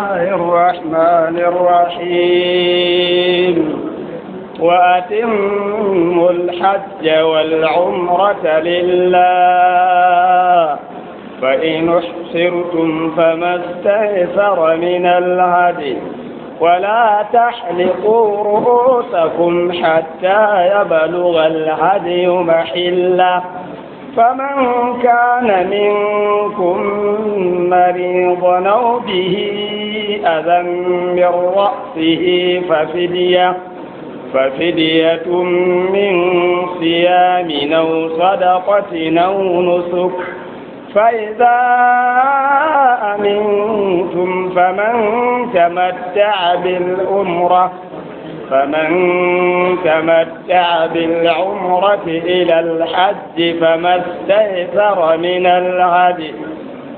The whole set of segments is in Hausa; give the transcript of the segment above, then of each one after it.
الله الرحمن الرحيم وأتموا الحج والعمرة لله فإن احصرتم فما استيسر من الهدي ولا تحلقوا رؤوسكم حتى يبلغ الهدي محله فمن كان منكم مريضا أو به أذى من رأسه ففدية ففدية من صيام أو صدقة أو نسك فإذا أمنتم فمن تمتع بالأمرة فمن تمتع بالعمرة إلى الحج فما استيسر من الهدي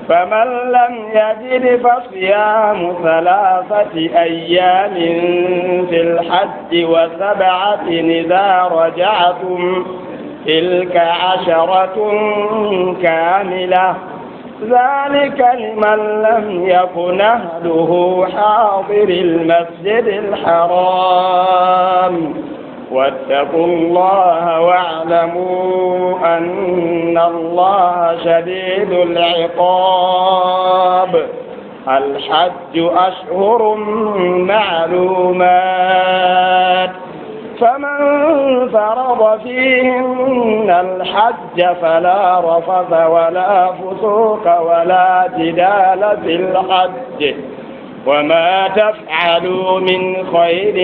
فمن لم يجد فصيام ثلاثة أيام في الحج وسبعة إذا رجعتم تلك عشرة كاملة ذلك لمن لم يكن أهله حاضر المسجد الحرام واتقوا الله واعلموا أن الله شديد العقاب الحج أشهر معلومات فمن فرض فيهن الحج فلا رفث ولا فسوق ولا جدال في الحج وما تفعلوا من خير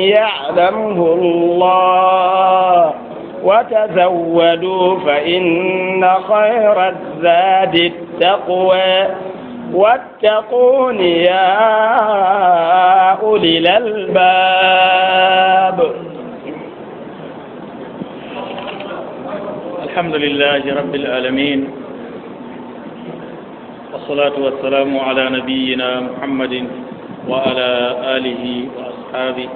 يعلمه الله وتزودوا فإن خير الزاد التقوى واتقون يا أولي الألباب الحمد لله رب العالمين والصلاة والسلام على نبينا محمد وعلى آله وأصحابه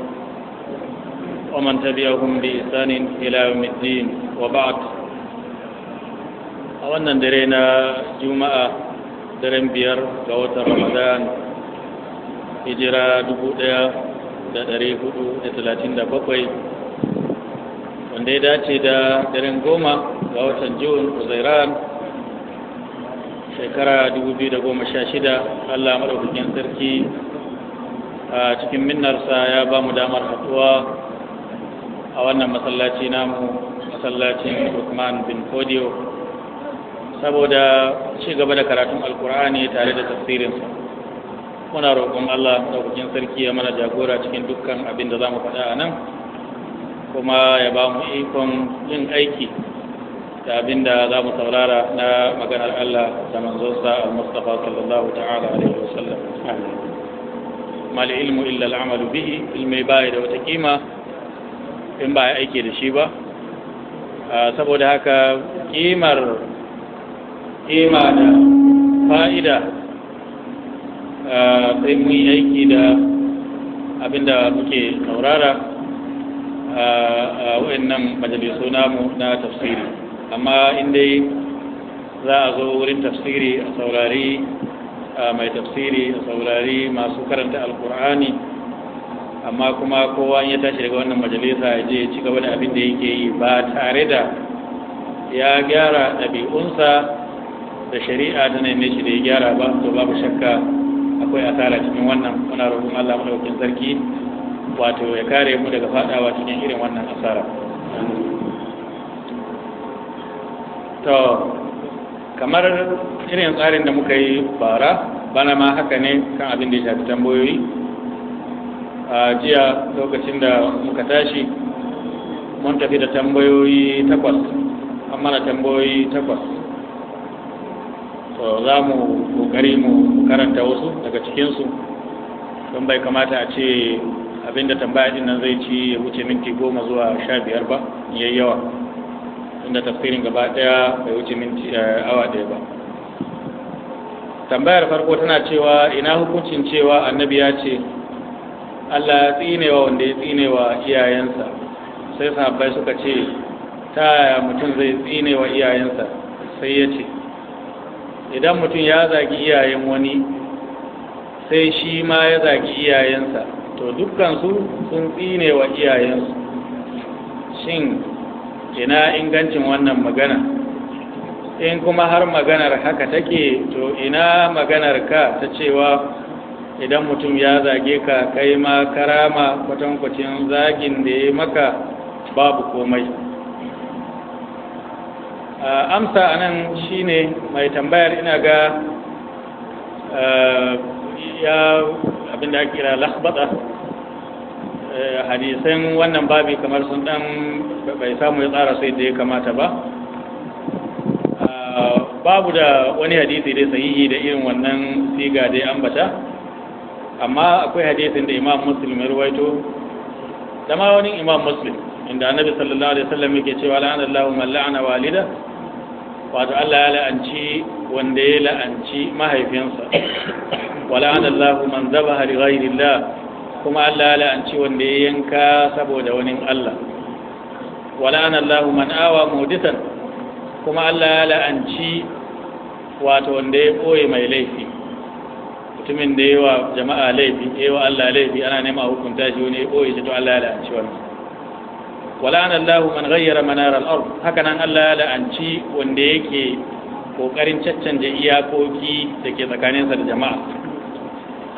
ومن تبعهم بإحسان إلى يوم الدين وبعد أولا درينا جمعة درين بير قوة رمضان هجرة دبوء da ɗari hudu da talatin da bakwai wanda ya dace da daren goma ga watan jun uzairan shekara biyu da goma sha shida, allah maɗaukakin sarki a cikin minnarsa ya ba mu damar haɗuwa a wannan masallaci namu masallacin usman bin fodiyo saboda ci gaba da karatun alkur'ani tare da tafsirinsa muna roƙon allah maɗaukakin sarki ya mana jagora cikin dukkan abin da za mu faɗa a nan kuma ya ba mu ikon yin aiki da abinda za mu saurara na maganar Allah da manzonsa al-Mustafa sallallahu ta'ala alaihi Sallam. mal ilmu illa al-amal bihi ilmi bai da wata kima in ba aiki da shi ba saboda haka kimar kima da fa'ida sai mun aiki da abinda muke saurara a wayannan majalisu namu na tafsiri amma in dai za a zo wurin tafsiri a saurari mai tafsiri a saurari masu karanta alkur'ani amma kuma kowa ya tashi daga wannan majalisa ya je ci gaba da abin da yake yi ba tare da ya gyara ɗabi'unsa da shari'a ta nan ne shi da ya gyara ba to babu shakka akwai asara cikin wannan muna roƙon Allah madaukakin sarki wato ya kare mu daga faɗawa cikin irin wannan asara to kamar irin tsarin da muka yi bara bana ma haka ne kan abin da ya shafi tambayoyi a jiya lokacin da muka tashi mun tafi da tambayoyi takwas an mana tambayoyi takwas to za mu kokari mu karanta wasu daga cikinsu don bai kamata a ce abinda tambaya nan zai ci ya wuce minti goma zuwa sha biyar ba yayi yawa inda tafsirin gaba daya bai wuce minti eh, awa daya ba tambayar farko tana cewa ina hukuncin cewa annabi ya ce Allah ya tsinewa wanda ya tsinewa iyayensa sai sahabbai suka ce ta yaya mutum zai tsinewa iyayensa sai ya ce idan mutum ya zagi iyayen wani sai shi ma ya zagi iyayensa to su sun tsinewa iyayensu shin ina ingancin wannan magana in kuma har maganar haka take to ina maganar ka ta cewa idan mutum ya zage ka kai ma karama kwatankwacin zagin da ya maka babu komai amsa a nan ne mai tambayar ina ga eh, ya abinda ake kira lahbata Eh, hadisan wannan babi kamar sun dan bai samu ya tsara sai da ya kamata ba ah, babu da wani hadisi dai sahihi da irin wannan siga dai ambata amma akwai hadisin da imam muslim ya ruwaito da ma wani imam muslim inda annabi sallallahu alaihi wasallam yake cewa la'ana Allahu man la'ana walida wato Allah ya la'anci wanda ya la'anci mahaifinsa wa la'ana Allahu man dhabaha li ghayri Allah kuma Allah ya la'anci wanda ya yanka saboda wani Allah wala'ana Allah man awa muditan kuma Allah ya la'anci wato wanda ya boye mai laifi mutumin da yawa jama'a laifi yawa Allah laifi ana nema hukunta shi wani ya boye shi to Allah ya la'anci wannan wala'ana Allah man ghayyara manar al-ard haka nan Allah ya la'anci wanda yake kokarin caccanje iyakoki da ke tsakaninsa da jama'a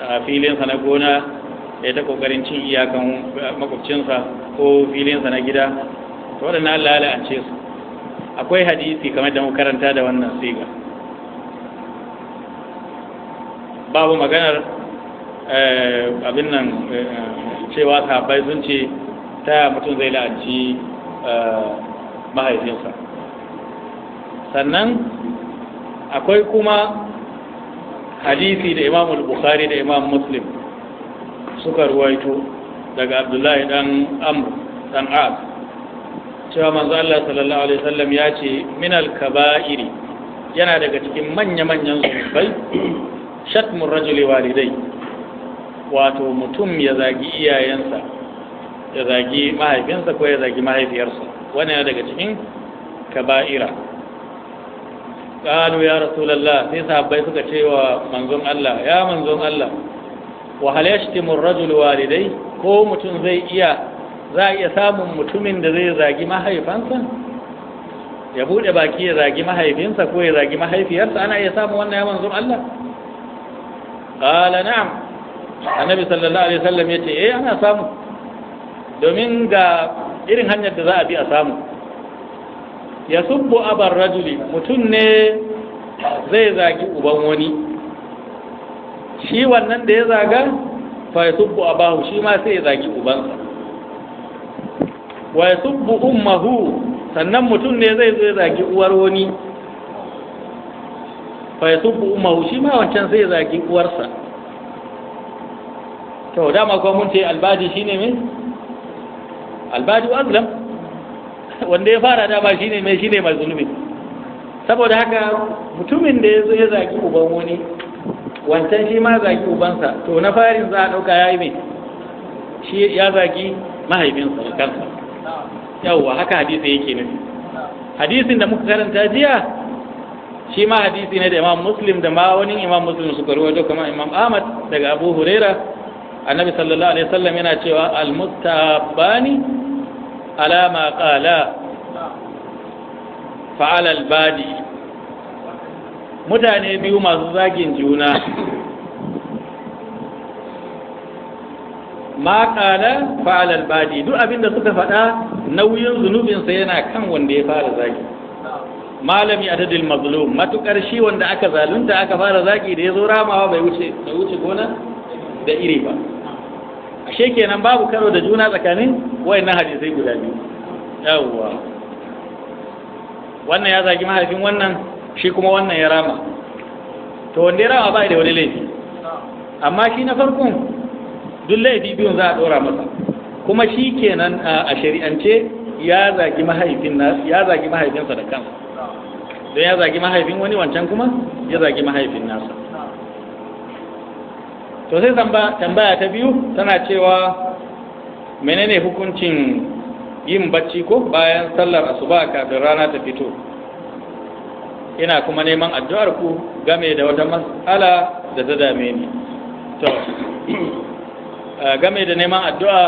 a filinsa na gona ya ta kokarin cin iyakan makwabcinsa ko filinsa na gida to waɗannan Allah ya la'ance su akwai hadisi kamar da muka karanta da wannan siga babu maganar eh, abin nan eh, cewa sahabbai sun ce ta mutum zai la'anci eh, mahaifinsa sannan akwai kuma hadisi da imam bukhari da imam muslim suka ruwaito daga abdullahi dan amr dan a cewa manzo Allah sallallahu alaihi wasallam ya ce min al-kaba'iri yana daga cikin manya-manyan zunubai shatmur rajuli walidai wato mutum ya zagi iyayensa ya zagi mahaifinsa ko ya zagi mahaifiyarsa wani yana daga cikin kaba'ira qalu ya rasu lalla sai sahabbai suka ce wa manzon Allah ya manzon Allah wa hal yashtimu ar-rajul walidai ko mutum zai iya za a iya samun mutumin da zai zagi mahaifansa ya bude baki ya zagi mahaifinsa ko ya zagi mahaifiyarsa ana iya samun wannan yawan zuwa Allah qala na'am annabi sallallahu alaihi wasallam yace eh ana samu domin ga irin hanyar da za a bi a samu ya subbu abar rajuli mutum ne zai zagi uban wani shi wannan da ya zaga fa a abahu shi ma sai ya zagi ubansa wa tubbu ummahu sannan mutum ne zai zo ya zagi uwar wani fa tubbu ummahu shi ma wancan sai ya zagi uwarsa to dama kuma mun ce albadi shine me albadi azlam wanda ya fara dama shine me shine mai zulmi saboda haka mutumin da ya zo ya zagi uban wani wancan shi ma zaki ubansa to na farin za a ɗauka ya yi mai shi ya zaki mahaifinsa da kansa yawwa haka hadisi yake nufi hadisin da muka karanta jiya shi ma hadisi ne da imam muslim da ma wani imam muslim suka rawaito kuma imam ahmad daga abu huraira annabi sallallahu alaihi wasallam yana cewa al mustabani ala ma qala fa'ala ba'di. mutane biyu masu zagin juna ma kala fa'alal badi duk abinda suka faɗa nauyin zunubinsa yana kan wanda ya fara zagi malami adadil mazlum matukar shi wanda aka zalunta aka fara zagi da ya zo ramawa bai wuce bai wuce gona da iri ba ashe kenan babu karo da juna tsakanin wayannan hadisai guda biyu yawwa wannan ya zagi mahaifin wannan shi kuma wannan ya rama to wanda ya rama ba da wani laifi amma shi na farkon duk laifi biyun za a ɗora masa kuma shi kenan a shari'ance ya zagi mahaifin ya zagi mahaifinsa da kansa don ya zagi mahaifin wani wancan kuma ya zagi mahaifin nasa to sai tambaya ta biyu tana cewa menene hukuncin yin bacci ko bayan sallar asuba kafin rana ta fito ina kuma neman addu'ar ku game da wata mas'ala da ta dame ni to eh, game da neman addu'a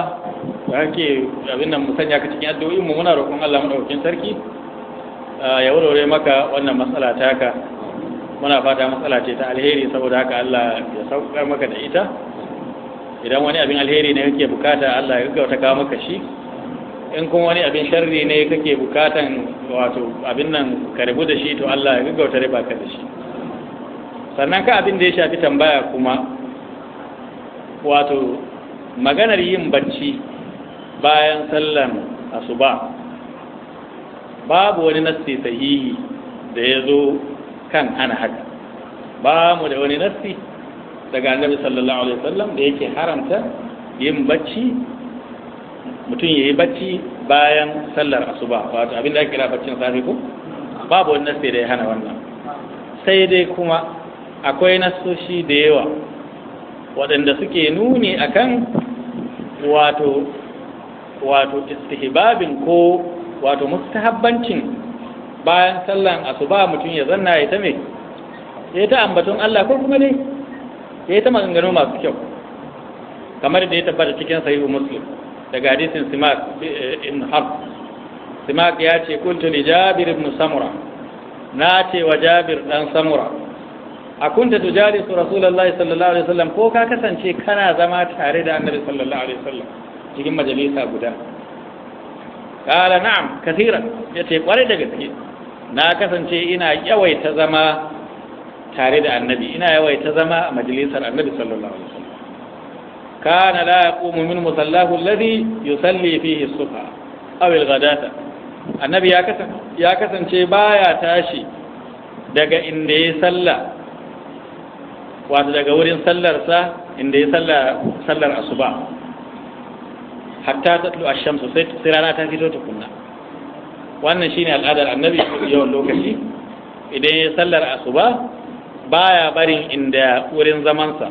da hake abin nan musanya ka cikin addu'o'in mu muna roƙon Allah madaukakin sarki eh, ya warware maka wannan matsala ka. muna fata matsala ce ta alheri saboda haka Allah ya saukar maka da ita idan wani abin alheri ne kake bukata Allah ya gaggauta kawo maka shi in kuma wani abin sharri ne kake bukatan wato abin nan ka rabu da shi to Allah ya gaggauta riba ka da shi sannan ka abin da ya shafi tambaya kuma wato maganar yin bacci bayan sallan asuba babu wani nassi sahihi da ya zo kan hana haka ba mu da wani nassi daga annabi sallallahu alaihi wasallam da yake haramta yin bacci mutum ya yi bacci bayan sallar asuba wato abin da ake kira baccin safe ko babu wani nasi da ya hana wannan sai dai kuma akwai nasoshi da yawa waɗanda suke nuni akan wato wato istihbabin ko wato mustahabbancin bayan sallan asuba mutum ya zanna ya ta me ya ta ambaton Allah ko kuma ne ya ta maganganu masu kyau kamar da ya tabbata cikin sahihu muslim daga hadisin simak eh, ibn harb simak ya ce kuntu li jabir ibn samura na ce wa jabir dan samura a kunta su rasulullahi sallallahu alaihi wasallam ko ka kasance kana zama tare da annabi sallallahu alaihi wasallam cikin majalisa guda kala na'am kathiran yace kwarai da gaske na kasance ina yawaita zama tare da annabi ina yawaita zama a majalisar annabi sallallahu alaihi wasallam kana la yaqumu min musallahu alladhi yusalli fihi as-subha aw al-ghadata annabi ya kasance ya kasance tashi daga inda ya salla wato daga wurin sallarsa inda ya salla sallar asuba hatta tatlu ash-shamsu sai rana ta fito tukunna wannan shine al'adar annabi yawan lokaci idan ya sallar asuba baya bari inda wurin zamansa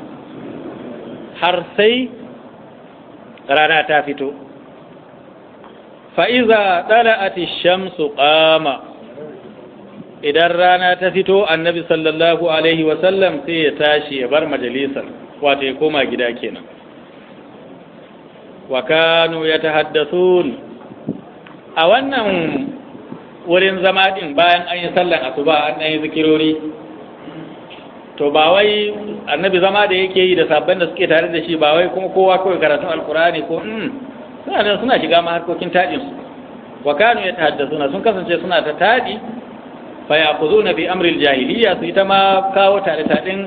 har sai rana ta fito fa'iza ɗala'ati shamsu ƙama idan rana ta fito annabi sallallahu alaihi wasallam sai ya tashi ya bar majalisar wato ya koma gida kenan wa kanu ya tahaddasun a wannan wurin zama ɗin bayan an yi sallan asuba an ɗan yi zikirori to ba wai annabi zama da yake yi da sabbin da suke tare da shi ba wai kuma kowa kawai karatun alkurani ko hmm, suna nan suna shiga ma harkokin taɗin su wa kanu ya suna sun kasance suna ta taɗi fa na bi amri jahiliya su ita ma kawo tare taɗin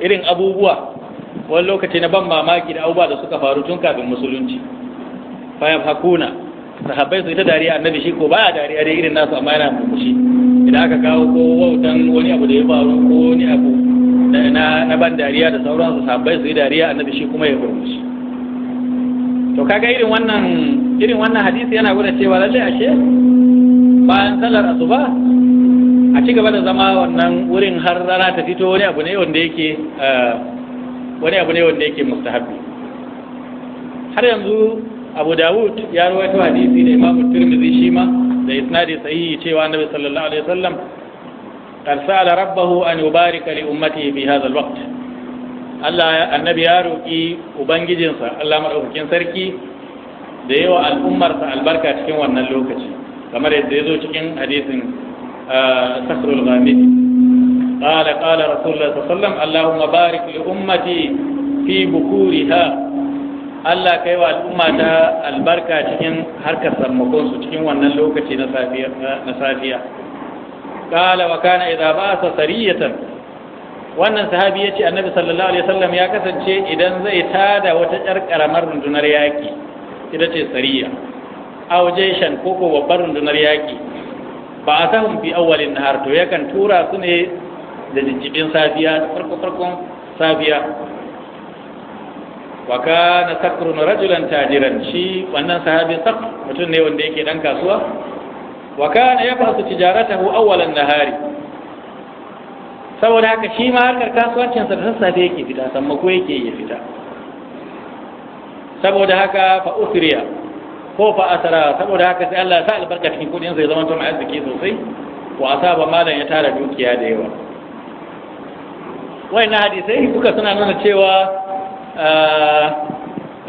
irin abubuwa wani lokaci na ban mamaki da abubuwa da suka faru tun kafin musulunci fa Hakuna sahabbai su ita dariya annabi shi ko baya dariya dai irin nasu amma yana murmushi idan aka kawo ko wautan wani abu da ya faru ko wani abu na na ban dariya da sauransu sahabbai su yi dariya annabi shi kuma ya burmushi to kaga irin wannan irin wannan hadisi yana gwada cewa lalle ashe bayan sallar asuba a ci gaba da zama wannan wurin har rana ta fito wani abu ne wanda yake eh, wani abu ne wanda yake mustahabbi har yanzu abu dawud ya rawaito hadisi da imam tirmidhi shi ma da isnadi sahihi cewa annabi sallallahu alaihi wasallam قد سأل ربه أن يبارك لأمته في هذا الوقت Allah annabi ya roƙi ubangijinsa Allah maɗaukakin sarki da yawa al'ummarsa albarka cikin wannan lokaci kamar yadda ya zo cikin hadisin sakrul ghamid qala qala rasulullah sallallahu alaihi wasallam allahumma barik li ummati fi Allah kai wa al'umma ta albarka cikin harkar sammakon su cikin wannan lokaci na safiya kala wa kana idza ba'atha sariyatan wannan sahabi yace annabi sallallahu alaihi wasallam ya kasance idan zai tada wata ƴar karamar rundunar yaki ita ce sariya aw jayshan ko ko babbar rundunar yaki ba a san fi awwalin nahar to yakan tura su ne da jinjibin safiya da farko farkon safiya wa kana sakrun rajulan tajiran shi wannan sahabi sak mutum ne wanda yake dan kasuwa wa kana yabhasu tijaratahu awwalan hari, saboda haka shi ma harkar kasuwancinsa da sassafe yake fita ko yake ya fita saboda haka fa usriya ko fa saboda haka sai Allah ya sa albarka cikin kudin zai zama to mai arziki sosai wa asaba malan ya tara dukiya da yawa wayannan hadisai duka suna nuna cewa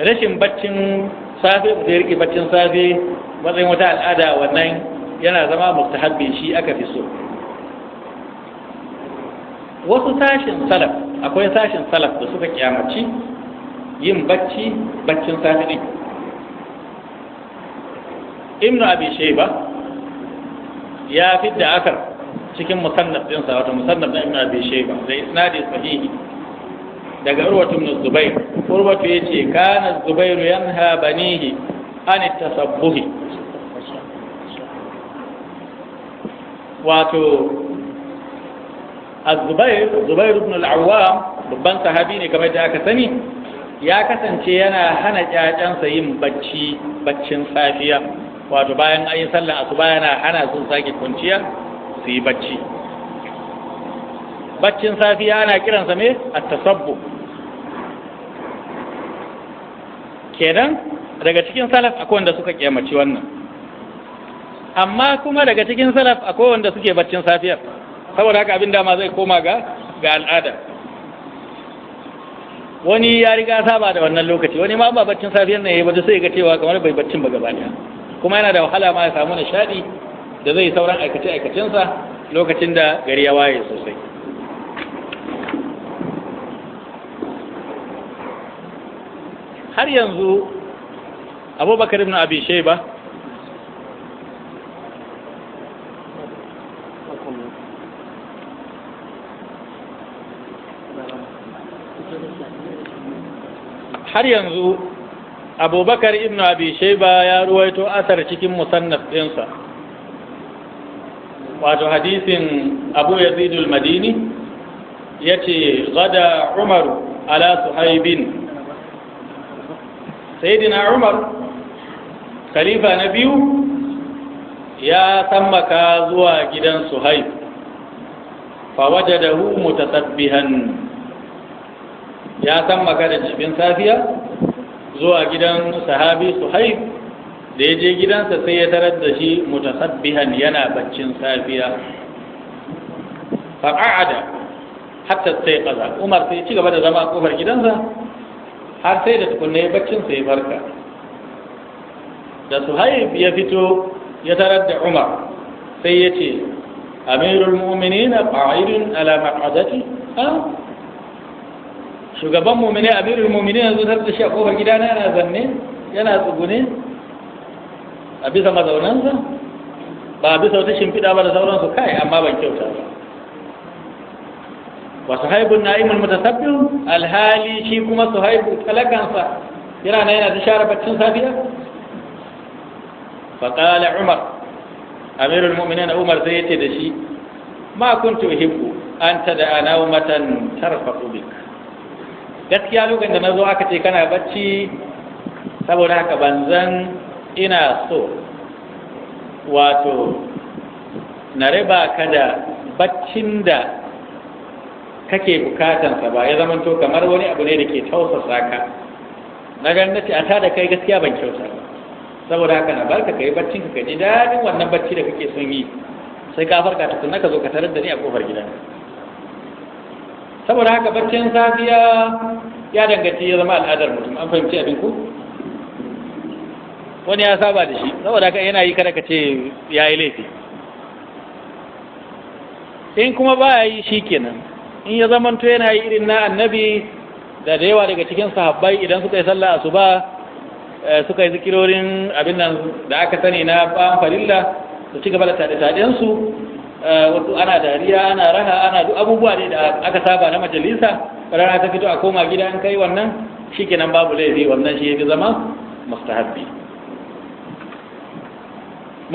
rashin baccin safe da rike baccin safe matsayin wata al'ada wannan yana zama mustahabbin shi aka fi so wasu sashin salaf akwai sashin salaf da suka kyamaci yin bacci baccin safi din ibnu abi shayba ya fidda akar cikin musannaf din sa wato musannaf na ibnu abi shayba da isnadi sahihi daga urwatu ibn zubair urwatu yace kana zubairu yanha banihi an tasabbuhi wato az-zubair zubair ibn al-awwam babban sahabi ne kamar da aka sani ya kasance yana hana ƙyaƙyansa yin bacci baccin safiya wato bayan an yi sallar asuba yana hana su sake kwanciya su yi bacci baccin safiya ana kiransa me at-tasabbu kenan daga cikin salaf akwai wanda suka kiyamaci wannan amma kuma daga cikin salaf akwai wanda suke baccin safiyar saboda haka abin dama zai koma ga ga al'ada wani ya riga saba da wannan lokaci wani ma ba baccin safiyar ne yayi ba sai ga cewa kamar bai baccin ba gaba daya kuma yana da wahala ma ya samu nishadi da zai sauran aikace sa lokacin da gari ya waye sosai har yanzu abubakar ibn abi Shayba har yanzu abubakar ibn abi shaiba ya ruwaito asar cikin musannaf ɗinsa wato hadisin abu yazid madini ya ce gada umaru ala suhaibin sayidina umar khalifa na biyu ya sammaka zuwa gidan suhaib fa wajadahu mutasabbihan ya san maganar cikin safiya zuwa gidan sahabi suhaib da ya je gidansa sai ya tarar da shi mutasabbihan yana baccin safiya faqa'ada hatta sai qaza umar sai ci gaba da zama a kofar gidansa har sai da tukunne baccin sa ya farka da suhaib ya fito ya tarar da umar sai ya ce amirul mu'minina qa'idun ala maq'adati ha shugaban mumine amirul ya zo tarda shi a kofar gidana yana zanne yana tsugune a bisa mazaunansa ba a bisa wata shimfiɗa ba da sauransu kai amma ban kyauta ba wa suhaibun na'imul mutasabbin alhali shi kuma suhaibu talakansa yana na yana ta share baccin safiya faƙala umar amirul mu'minin umar zai yace da shi ma kuntu uhibbu an tad'a nawmatan tarfaqu bik gaskiya lokacin da na zo aka ce kana bacci saboda haka ban ina so wato na riba ka da baccin da kake bukatansa ba ya zamanto kamar wani abu ne da ke tausasa ka na ce a ta da kai gaskiya ban kyauta saboda haka na barka kai baccin ka ji daɗin wannan bacci da kake son yi sai ka farka tukunna ka zo ka tarar da ni a kofar gidan. saboda haka baccin safiya ya danganci ya zama al'adar mutum an fahimci abin ku wani ya saba da shi saboda haka yana yi kada ka ce ya yi laifi in kuma ba ya yi shi kenan in ya zamanto yana yi irin na annabi da da yawa daga cikin sahabbai idan suka yi sallah asuba eh, suka yi zikirorin abin nan da aka sani na ban farilla su ci gaba da tade-tadensu Eh, wato ana dariya ana raha ana duk abubuwa ne da aka saba na majalisa rana ta fito a koma gida an kai wannan shikenan babu laifi wannan shi yafi zama mustahabbi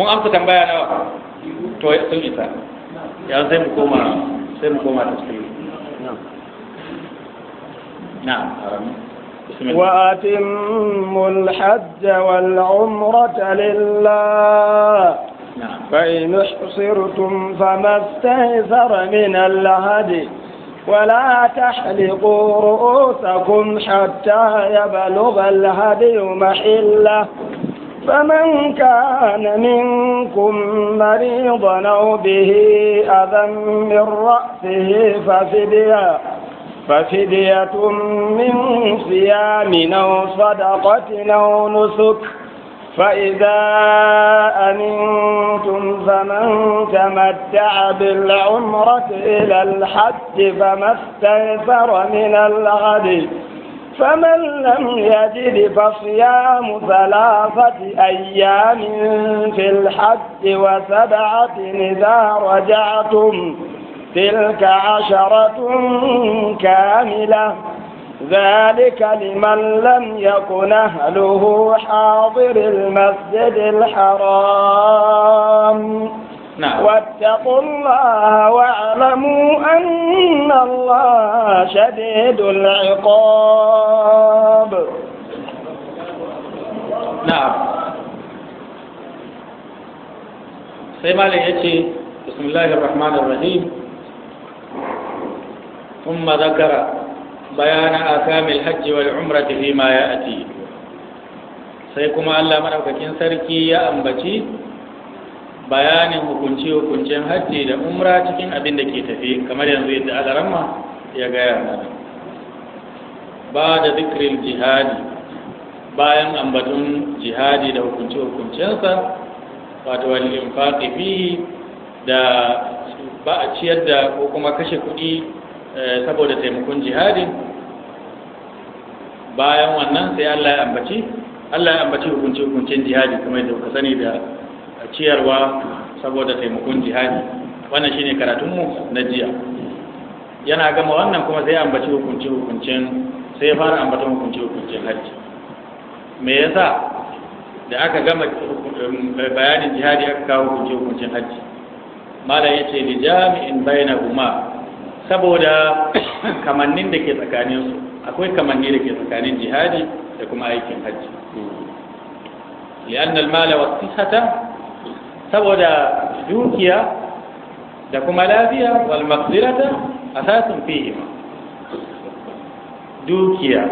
mun amsa tambaya nawa to ya sun isa ya sai mu koma sai mu koma tafsiri na'am وأتموا الحج والعمرة لله نعم. فإن احصرتم فما استيسر من الهدي ولا تحلقوا رؤوسكم حتى يبلغ الهدي محله فمن كان منكم مريضا أو به أذى من رأسه ففدية ففدية من صيام أو صدقة أو نسك فإذا أمنتم فمن تمتع بالعمرة إلى الحج فما استيسر من الغد فمن لم يجد فصيام ثلاثة أيام في الحج وسبعة إذا رجعتم تلك عشرة كاملة ذلك لمن لم يكن أهله حاضر المسجد الحرام نعم. واتقوا الله واعلموا أن الله شديد العقاب نعم سيما ليتي بسم الله الرحمن الرحيم ثم ذكر بيان آثام الحج والعمرة فيما يأتي سيكما الله مدوكاكين sarki ya ambaci bayanin hukunci hukuncin hajji da umra cikin abinda ke tafi kamar yanzu yadda alaramma ya gaya mana ba da zikirin jihadi bayan ambatun jihadi da hukunce-hukuncensa wato walin faɗi da ba ciyar da ko kuma kashe kuɗi Eh, saboda taimakon jihadi, bayan wannan sai Allah ya ambaci Allah ya ambaci hukunci hukuncin jihadi kuma da kuka sani da ciyarwa saboda taimakon jihadi wannan shine karatunmu na jiya yana gama wannan kuma sai ambaci hukunci hukuncin sai fara ambata hukunci hukuncin hajji me yasa da aka gama bayanin jihadi aka kawo hukunci hukuncin hajji malam yace li jami'in bainahuma saboda kamannin da ke tsakaninsu akwai kamanni da ke tsakanin jihadi da kuma aikin hajji li'annal mala wa sihata saboda dukiya da kuma lafiya wal maqdirata asasun fihi dukiya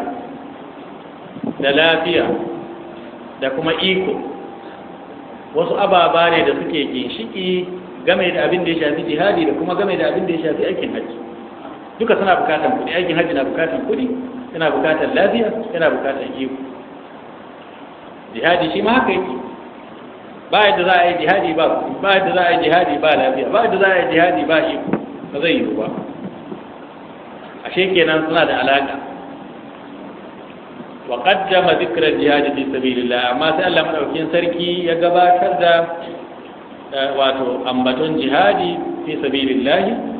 da lafiya da kuma iko wasu ababare da suke ginshiki game da abin da ya shafi jihadi da kuma game da abin da ya shafi aikin hajji duka suna bukatan kuɗi aikin hajji na bukatan kuɗi yana bukatan lafiya yana bukatan iko jihadi shi ma haka yake ba yadda za a yi jihadi ba kuɗi ba yadda za a yi jihadi ba lafiya ba yadda za a yi jihadi ba iko ba zai yiwu ba ashe kenan suna da alaƙa wa qaddama dhikra jihadi fi sabilillah amma sai Allah madaukin sarki ya gabatar da eh, wato ambaton jihadi fi sabilillah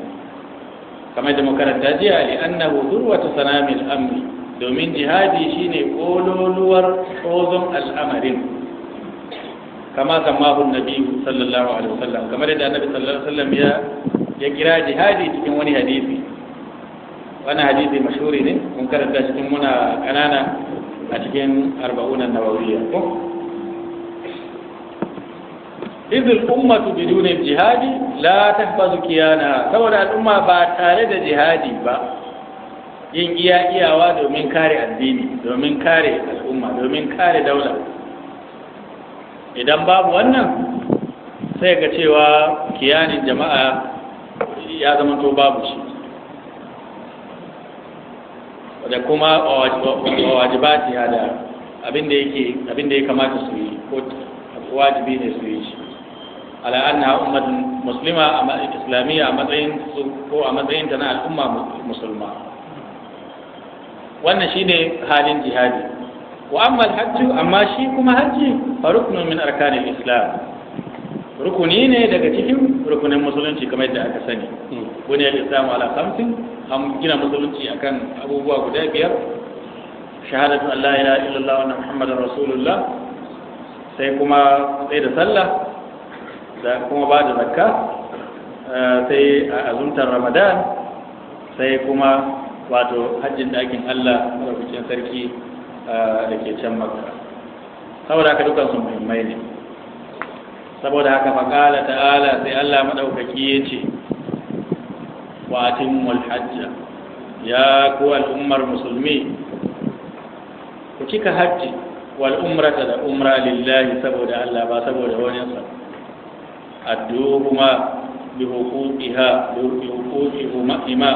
kamar da makaranta jiya li annahu durwatu sanamil amri domin jihadi shine kololuwar tsozon al'amarin kama samahu nabi sallallahu alaihi wasallam kamar da annabi sallallahu alaihi wasallam ya ya kira jihadi cikin wani hadisi wani hadisi mashhuri ne mun karanta cikin muna kanana a cikin arba'unan nawawiyya ko izil ummatu biduni jihadi la tahfazu kiyana saboda al'umma ba tare da jihadi ba yin iya iyawa domin kare addini domin kare al'umma domin kare daula idan babu wannan sai ga cewa kiyanin jama'a ya zama to babu shi da kuma wajibati da abin da ya kamata su yi ko wajibi ne su yi ala anna ummatun muslima islamiyya a matsayin ko a matsayin ta na al'umma musulma wannan shine halin jihadi wa amma alhajju amma shi kuma hajji fa ruknun min arkanil islam rukuni ne daga cikin rukunin musulunci kamar yadda aka sani wani ya islamu ala kamsin an gina musulunci akan abubuwa guda biyar shahadatu Allah la ilaha illallah wa muhammadar rasulullah sai kuma tsaye da sallah da kuma ba da zakka eh, sai a azumtar ramadan sai kuma wato hajjin ɗakin allah maɗaukacin sarki eh, da ke can makka saboda haka dukansu muhimmai ne saboda haka faƙala ta'ala sai allah maɗaukaki ya ce wa atimul ya ku al'ummar musulmi ku cika hajji wal umrata da umra lillahi saboda allah ba saboda sa. أدوهما بحقوقها بحقوقهما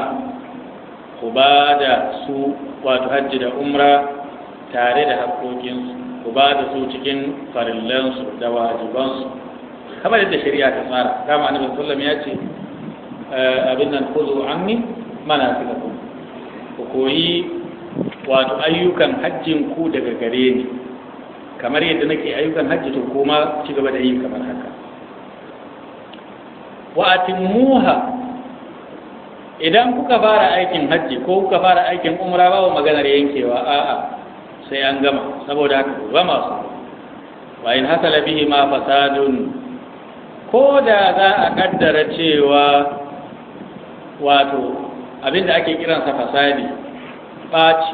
da su wato hajji da umra tare da haƙoƙinsu ku ba su cikin farillansu da wajibansu kamar yadda shari'a ta tsara dama ya ce eh, abin nan kuzu anni mana suka ku koyi wato ayyukan hajjin ku daga gare ni kamar yadda nake ayyukan hajji to kuma ci gaba da yi kamar haka wa Muha, idan kuka fara aikin hajji ko kuka fara aikin umra ba maganar yankewa a'a sai an gama saboda haka ba masu. su wa in hasala bihi ma fasadun ko da za a kaddara cewa wato abinda ake kiransa fasadi ɓaci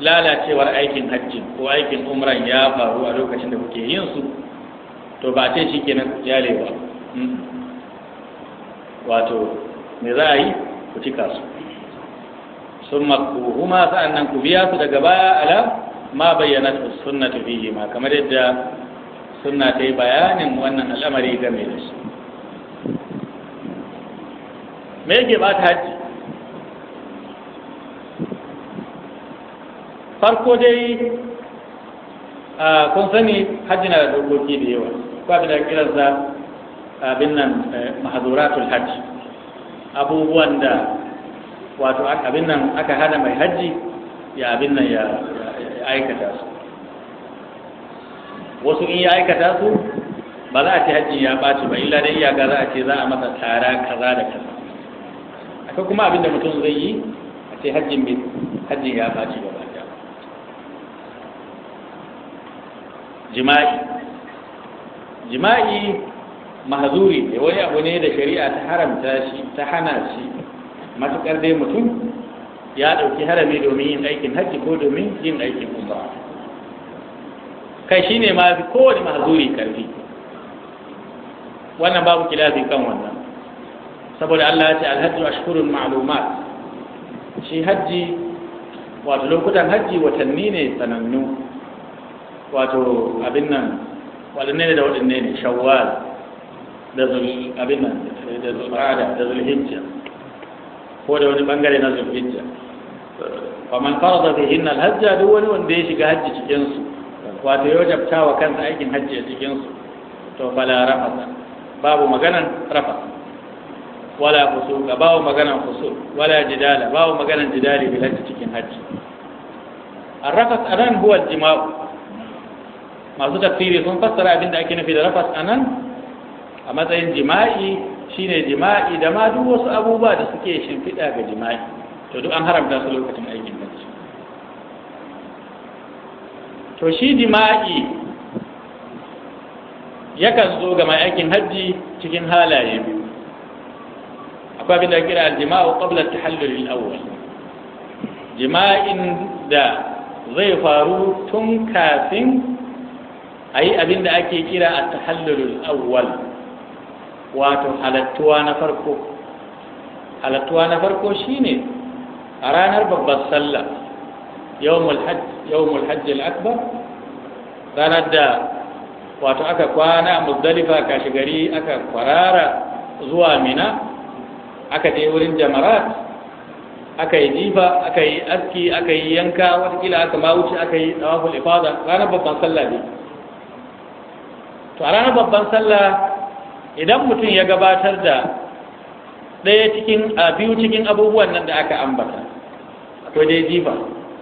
lalacewar aikin hajji ko aikin umran ya faru a lokacin da kuke yin su to ba ce shi kenan ku jalewa wato me za a yi ku cika su sun makuhuma sa'annan ku biya su daga baya ala ma bayyana sunna ta fiye ma kamar yadda sunna ta yi bayanin wannan al'amari game da su me yake ba ta haji farko dai kun sani hajji na da dokoki da yawa ba da kiransa abin nan eh, mahaduratul hajji abubuwan da wato abin nan aka hada mai hajji ya abin nan ya aikata su wasu in ya aikata su ba za a ce hajji ya ɓaci ba illa da iyaka za a ce za a masa tara kaza da kaza akwai kuma abin da mutum zai yi a ce hajjin bai hajjin ya ɓaci ba ɗaya jima'i jima'i mahazuri ne wani abu ne da shari'a ta haramta shi ta hana shi matukar dai mutum ya ɗauki harami domin yin aikin haji ko domin yin aikin umra kai shine ma kowane mahazuri karfi wannan babu kilafi kan wannan saboda Allah ya ce alhajju ashhurul ma'lumat shi hajji wato lokutan hajji watanni ne sanannu wato abin nan waɗanne ne da waɗanne ne shawwal da zul abin nan da zulqa'ada da zulhijja ko da wani bangare na zulhijja faman farada bihinna alhajja duk wani wanda ya shiga hajji cikin su wato ya wajabta wa kansa aikin hajji a cikin su to fala rafasa babu maganan rafasa wala fusuka babu maganan fusul wala jidala babu maganan jidali bil hajji cikin hajji arrafas anan huwa aljima'u masu tafsiri sun fassara abin da ake nufi da rafas anan a matsayin jima'i shine jima'i da ma duk wasu abubuwa da suke shimfiɗa ga jima'i to duk an haramta su lokacin aikin hajji to shi jima'i yakan zo ga mai aikin hajji cikin halaye biyu akwai abin da kira aljima'u qabla tahallul awwal jima'in da zai faru tun kafin ayi abin da ake kira a tahallul awwal wato halattuwa na farko halattuwa na farko shine a ranar babbar sallah yawmul hajj al-akbar ranar da wato aka kwana muzdalifa kashi gari aka kwarara zuwa mina aka je wurin jamarat aka yi jifa aka yi aski aka yi yanka watakila aka ma aka yi tsawaful ifada ranar babban sallah ne to a ranar babban sallah idan mutum ya gabatar da ɗaya cikin a biyu cikin abubuwan nan da aka ambata akwai dai jiba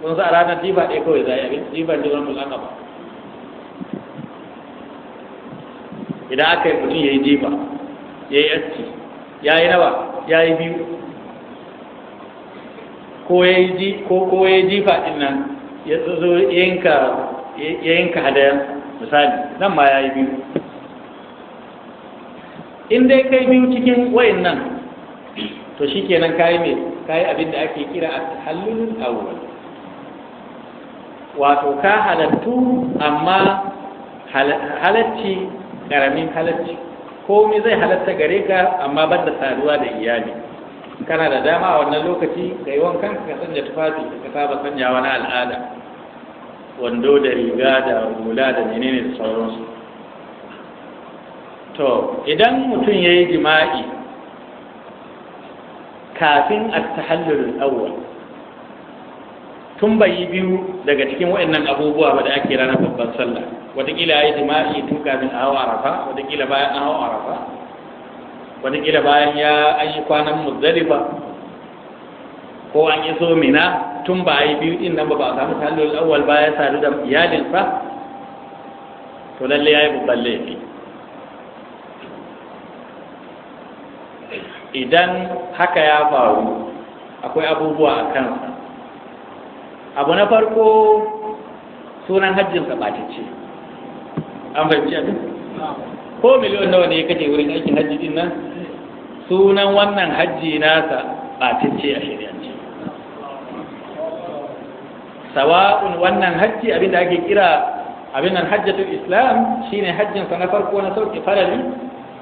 sun sa ranar jiba ɗaya kawai za a yi jiban da wani mulaka ba idan aka yi mutum ya yi jiba ya yi aski ya yi nawa ya yi biyu ko ya yi jifa ɗin nan ya yanka hadaya misali nan ma ya yi biyu in dai kai biyu cikin wayannan to shi kenan kai mai kai abin da ake kira a halin awwal wato ka halattu amma halacci karamin halacci komai zai halatta gare ka amma ban da saduwa da iyali kana da dama a wannan lokaci ga yi wankan ka sanya tufafi ka saba sanya wani al'ada wando da riga da hula da menene da sauransu to idan mutum ya yi jima'i kafin a tahallulun awwal tun bayi biyu daga cikin waɗannan abubuwa ba da ake ranar babban sallah wataƙila ya yi jima'i tun kafin a hawa arafa wataƙila bayan a hawa arafa wataƙila bayan ya an yi kwanan muzdalifa ko an yi so mina tun ba yi biyu din nan ba ba a samu tahallulun awwal ba ya sadu da iyalinsa to lalle ya yi babban laifi idan haka ya faru akwai abubuwa a kansa abu na farko sunan hajjinsa ce, an fahimci abin ko miliyon nawa ne ya wurin aikin hajji din nan sunan wannan hajji nasa ce a ce. sawa'un wannan hajji abinda ake kira abin nan hajjatul islam shine hajjinsa na farko na sauki farali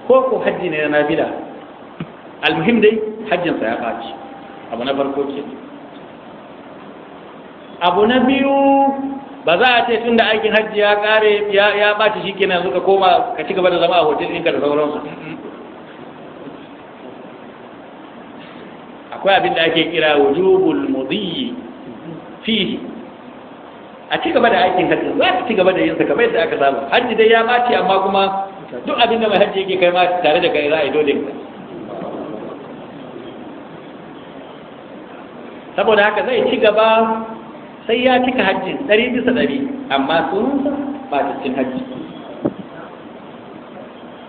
ko ko hajji ne na nabila almuhim dai hajjinsa ya ɓaci abu na farko ce abu na biyu ba za a ce tun da aikin hajji ya ƙare ya ɓaci shi kenan suka koma ka ci gaba da zama a hotel ɗinka da sauransu akwai abin da ake kira wujubul mudhi fihi a ci gaba da aikin hajji za ka ci gaba da yin sa kamar yadda aka saba hajji dai ya ɓaci amma kuma duk abin da mai hajji yake kai ma tare da kai za a yi dole ka saboda haka zai ci gaba sai ya cika hajjin ɗari bisa ɗari amma sunansa ba ta cin hajji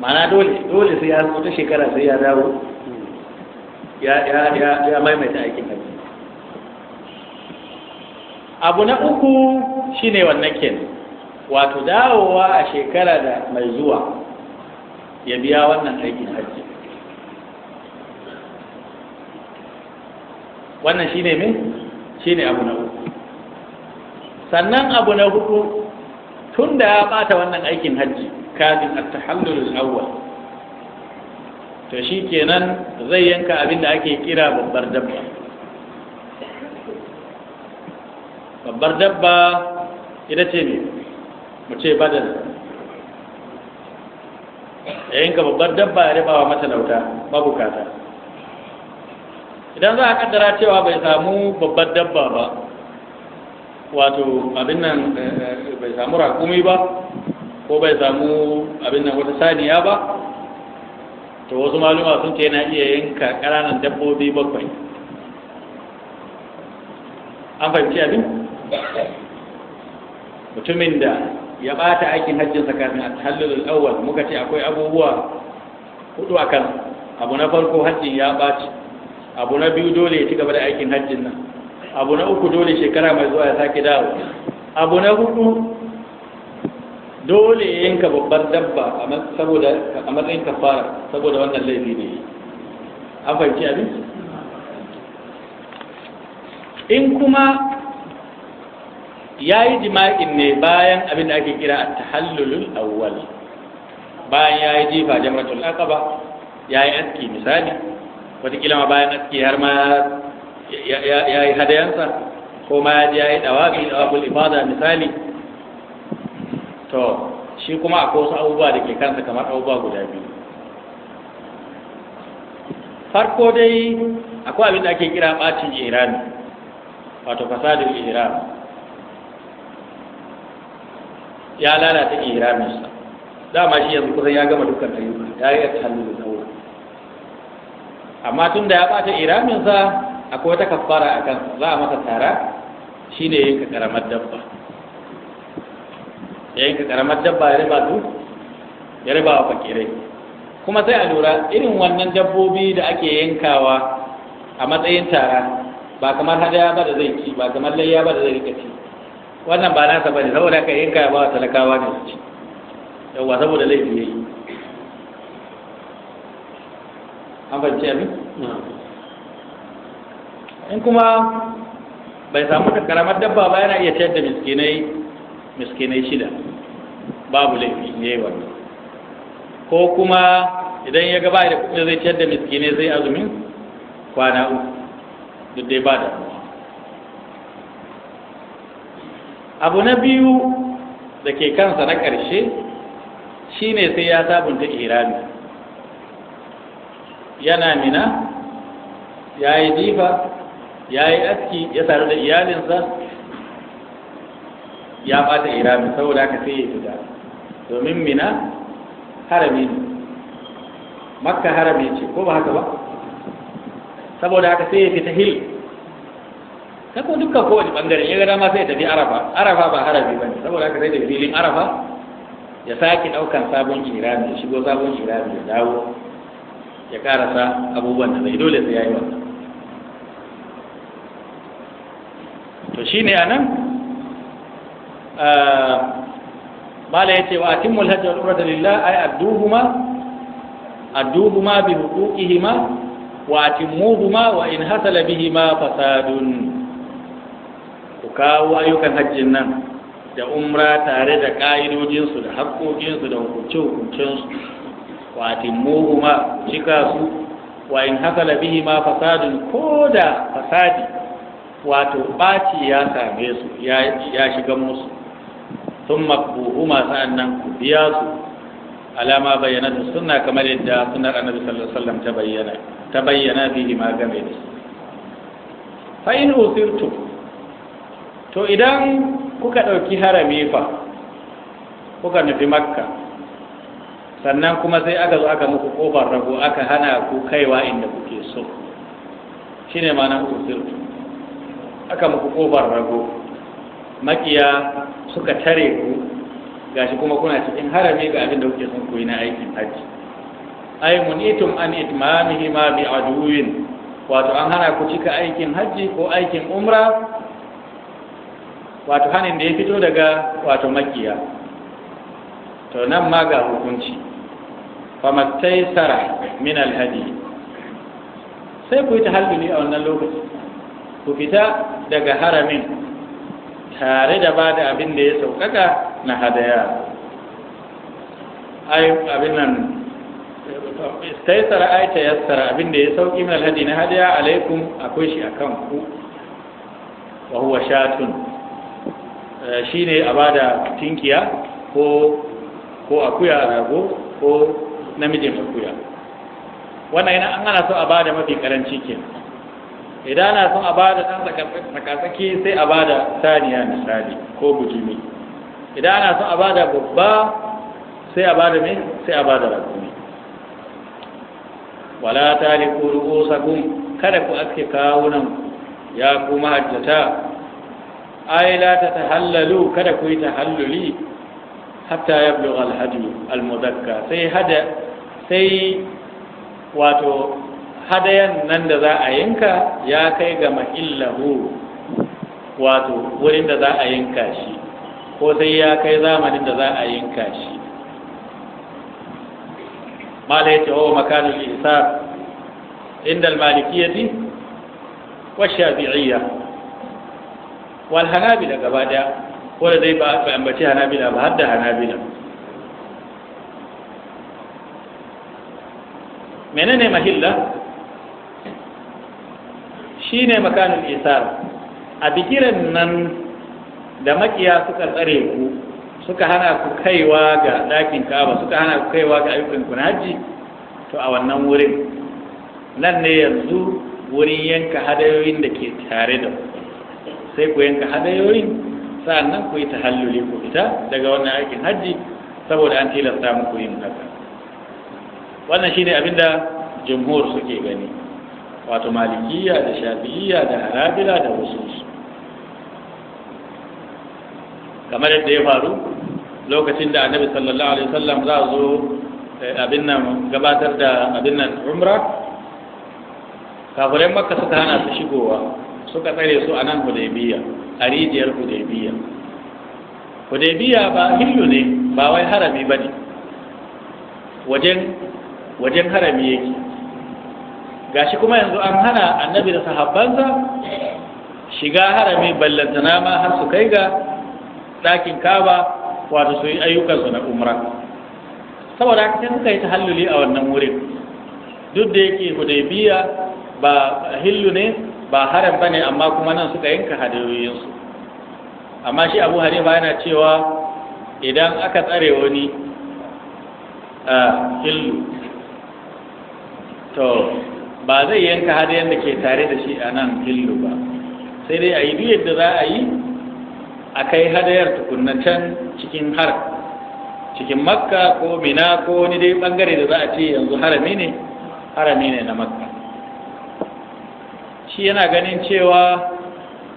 mana dole dole sai ya wata shekara sai ya dawo ya maimaita aikin hajji abu na uku shine wannan kenan wato dawowa a shekara da mai zuwa ya biya wannan aikin hajji wannan shine me shine abu na uku sannan abu na hudu tun da ya bata wannan aikin hajji kafin at-tahallul awwal to kenan zai yanka abin da ake kira babbar dabba babbar dabba ita ce ne mu ce badal ya yanka babbar dabba ya ribawa matalauta babu kata idan za a kaddara cewa bai samu babbar dabba ba wato abin nan eh, eh, bai samu rakumi ba ko bai samu abin nan wata saniya ba to wasu maluma sun ce na iya yanka ƙananan dabbobi bakwai an fahimci abin mutumin da ya bata aikin hajjin kafin a tahallulul muka ce akwai abubuwa hudu kan abu na farko hajjin ya ɓaci. abu na biyu dole ya ci gaba da aikin hajjin nan abu na uku dole shekara mai zuwa ya sake dawo abu na hudu dole ya yanka babbar dabba a matsayin kafara saboda wannan laifi ne an fahimci abin in kuma ya yi jima'in ne bayan abin da ake kira a tahallulun awwal bayan ya yi jifa jamratul aqaba ya yi aski misali wataƙila ma bayan aski har ma ya yi hadayansa ko ma ya ji ya yi dawabi dawabul ibada misali to shi kuma a kosa abubuwa da ke kansa kamar abubuwa guda biyu farko dai akwai abin da ake kira bacin irani wato fasadin irani ya lalata iraninsa dama shi yanzu kusan ya gama dukkan ayyuka ya yi tallu da amma tun da ya ɓata iraminsa akwai wata kafara a kan za a masa tara shi ne yanka karamar dabba yanka karamar dabba ya riba su ya riba wa fakirai kuma sai a lura irin wannan dabbobi da ake yankawa a matsayin tara ba kamar hadaya ba da zai ci ba kamar layya ba da zai rika ci wannan ba nasa ne saboda ka yanka ba wa talakawa ne su ci yawwa saboda laifi ne an fahimci abin in kuma bai samu da karamar dabba ba yana iya ciyar da miskinai miskinai shida babu laifi ne yi ko kuma idan ya gaba da kuɗi zai ciyar da miskinai zai azumin kwana uku duk dai ba da abu na biyu da ke kansa na ƙarshe shine sai ya sabunta iranu yana mina ya yi difa ya yi aski ya tare da iyalinsa ya bata iramin saboda aka sai ya fita domin mina harami ne makka harami ce ko ba haka ba saboda aka sai ya fita hil kai ko dukkan kowane bangare ya gada ma sai ya tafi arafa arafa ba harami ba ne saboda haka sai da filin arafa ya sake daukan sabon irami ya shigo sabon irami ya dawo ya karasa abubuwan da zai dole sai yi wannan to shine anan ya ya wa atimul hajj wal umrata lillah ay adduhuma adduhuma bi huquqihima wa atimmuhuma wa in hasala bihima fasadun ku kawo ayyukan hajjin nan da umra tare da ƙa'idojinsu da haƙƙoƙinsu da hukunce-hukuncensu wa atimmuhuma cika su wa in hakala bihi ma ko koda fasadi wato baci ya same su ya shiga musu sun makbuhuma sa'annan ku biya su alama bayyana suna kamar yadda suna annabi sallallahu alaihi ta bayyana ta bayyana bihi ma game da su fa in usirtu to idan kuka ɗauki harami fa kuka nufi makka sannan kuma sai aka zo aka muku kofar rago aka hana ku kaiwa inda kuke so shi ne ma aka muku kofar rago makiya suka tare ku gashi kuma kuna cikin harami ga abin da kuke son ku yi na aikin hajji ai munitum an itmamihi ma bi aduwin wato an hana ku cika aikin hajji ko aikin umra wato hanin da ya fito daga wato makiya to nan ma ga hukunci famattai sara min alhadi sai ku yi ta halbili a wannan lokaci ku fita daga haramin tare da ba da abin da ya sauƙaƙa na hadaya ai abin nan taisara ai ta yassara abin da ya sauƙi min alhadi na hadaya alaikum akwai shi akan ku wa huwa shatun eh, shine a bada tinkiya ko ko akuya rago ko namijin akuya wannan idan an ana so a bada mafi karanci ke idan ana son a bada ɗan tsakatsaki sai a bada saniya misali ko bujimi idan ana son a bada babba sai a bada mai sai a bada rakumi wala taliku ru'usakum kada ku aske kawunan ya kuma hajjata ay la hallalu kada ku yi ta halluli hatta yablugha al almudakka sai hada sai wato hadayan nan da za a yanka ya kai ga mahillahu wato wurin da za a yanka shi ko sai ya kai zamanin da za a yanka shi mala ya ce wa oh, makanul isar inda malikiyati wa shafi'iyya wal hanabila gaba daya ko da dai ba ambaci hanabila ba har da hanabila menene mahilla shine makanul isar a bikiran nan da makiya suka tsare ku suka hana ku kaiwa ga ɗakin kaba suka hana ku kaiwa ga ayyukan ku haji to a wannan wurin nan ne yanzu wurin yanka hadayoyin da ke tare da sai ku yanka hadayoyin sannan ku yi tahalluli ku fita daga wannan aikin haji saboda an tilasta muku yin haka wannan shine da jumhur suke gani wato malikiya da Shabiyya da harabila da wasu kamar yadda ya faru lokacin da annabi sallallahu alaihi wasallam za zo eh, abin nan gabatar da abin nan umra kafirai makka suka hana su shigowa suka tsare su a nan hudaybiya a rijiyar hudaybiya hudaybiya ba hillu ne ba wai harami ba ne wajen waje karami yake gashi kuma yanzu an hana annabi da sahabbansa shiga harami ballantana ma har su kai ga ɗakin kaba wato su yi ayyukansu na umra saboda haka sai suka yi tahalluli a wannan wurin duk da yake hudaybiya ba hillu ne ba haram ne amma kuma nan suka yanka hadayoyinsu amma shi abu hanifa yana cewa idan aka tsare wani ah, hillu to ba zai yanka har da ke tare da shi a nan hillu ba sai dai a yi duk yadda za a yi a kai hadayar tukunna can cikin har cikin makka ko mina ko wani dai bangare da za a ce yanzu harami ne harami ne na makka shi yana ganin cewa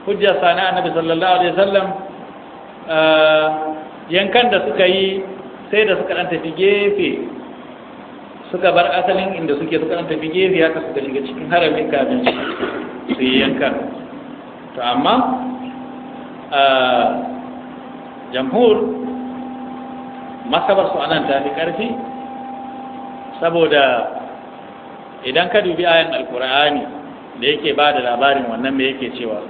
hujjar sani annabi sallallahu alaihi wasallam eh, yankan da suka yi sai da suka ɗan tafi gefe suka bar asalin inda suke suka tafi gefe haka suka shiga cikin haramin kafin su yi yanka to amma jamhur masabar su anan ta fi ƙarfi saboda idan ka dubi ayan alkur'ani da yake ba da labarin wannan mai yake cewa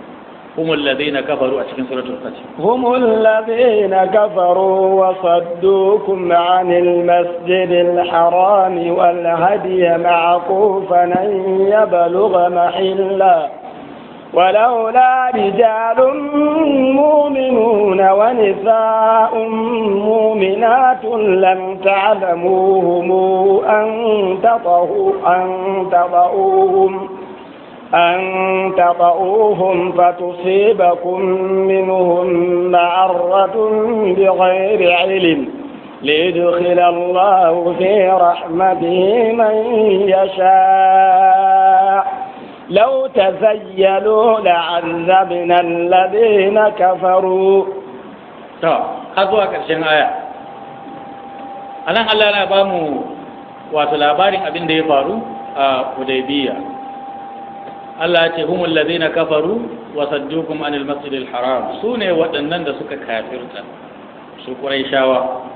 هم الذين كفروا أشكين سورة الفتح هم الذين كفروا وصدوكم عن المسجد الحرام والهدي معقوفا أن يبلغ محلا ولولا رجال مؤمنون ونساء مؤمنات لم تعلموهم أن تطهوهم أن تطؤوهم فتصيبكم منهم معرة بغير علم ليدخل الله في رحمته من يشاء لو تزيلوا لعذبنا الذين كفروا تو أقوى كرشين آية أنا هلا أنا بامو واتو لابارك أبين دي فارو آه Allah ya ce humul ladina kafaru wa saddukum anil masjidil haram su ne waɗannan da suka kafirta su shawa.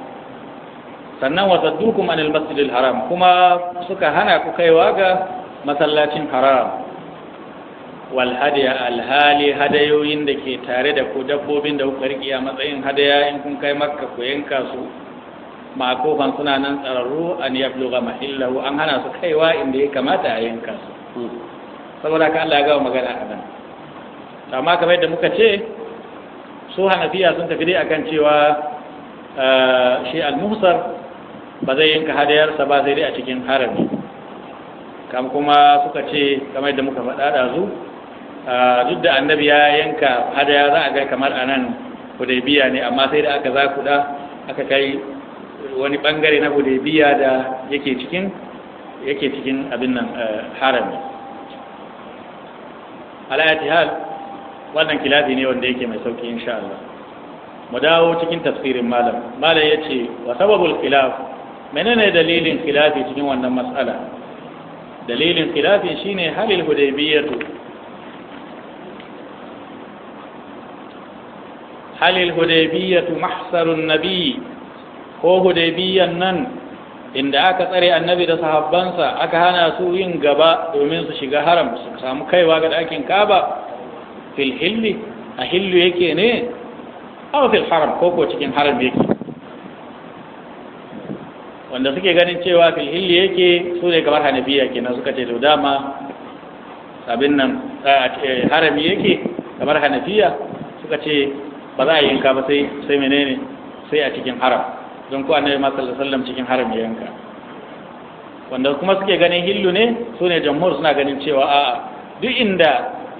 sannan wa saddukum anil masjidil haram kuma suka hana ku kaiwa ga masallacin haram wal hadiya alhali hadayoyin da ke tare da ku dabbobin da kuka riƙe a matsayin hadaya in kun kai makka ku yanka su makofan suna nan tsararru an yabluga mahillahu an hana su kaiwa inda ya kamata a yanka su hmm. saboda ka Allah ya gama magana a nan amma kamar yadda muka ce su hanafiya sun tafi dai akan cewa eh, shi al-muhsar ba zai yanka hadayarsa ba sai dai a cikin harami kam kuma suka ce kamar yadda muka faɗa da zu eh, duk da annabi ya yanka hadaya za a ga kamar a anan hudaybiya ne amma sai da aka zakuda aka kai wani bangare na hudaybiya da yake cikin yake cikin abin nan eh, harami ala'ayati hal wannan kilafi ne wanda yake mai sauki insha Allah mu dawo cikin tafsirin malam malam ya ce wa sababul khilaf menene dalilin khilafi cikin wannan mas'ala dalilin khilafi shine halil hudaybiyatu halil hudaybiyatu mahsarun nabi ko hudaybiyan nan inda aka tsare annabi da sahabbansa aka hana su yin gaba domin su shiga haram su samu kaiwa ga ɗakin kaba fil hilli a hillu yake ne aw fil haram ko ko cikin haram yake wanda suke ganin cewa fil hilli yake su ne kamar hanafiya kenan suka ce to dama abin nan eh, haram yake kamar hanafiya suka ce ba za a yi yanka ba sai sai menene sai a cikin haram don ko annabi ma sallallahu alaihi cikin haram ya yanka wanda kuma suke ganin hillu ne su ne jamhur suna ganin cewa a duk inda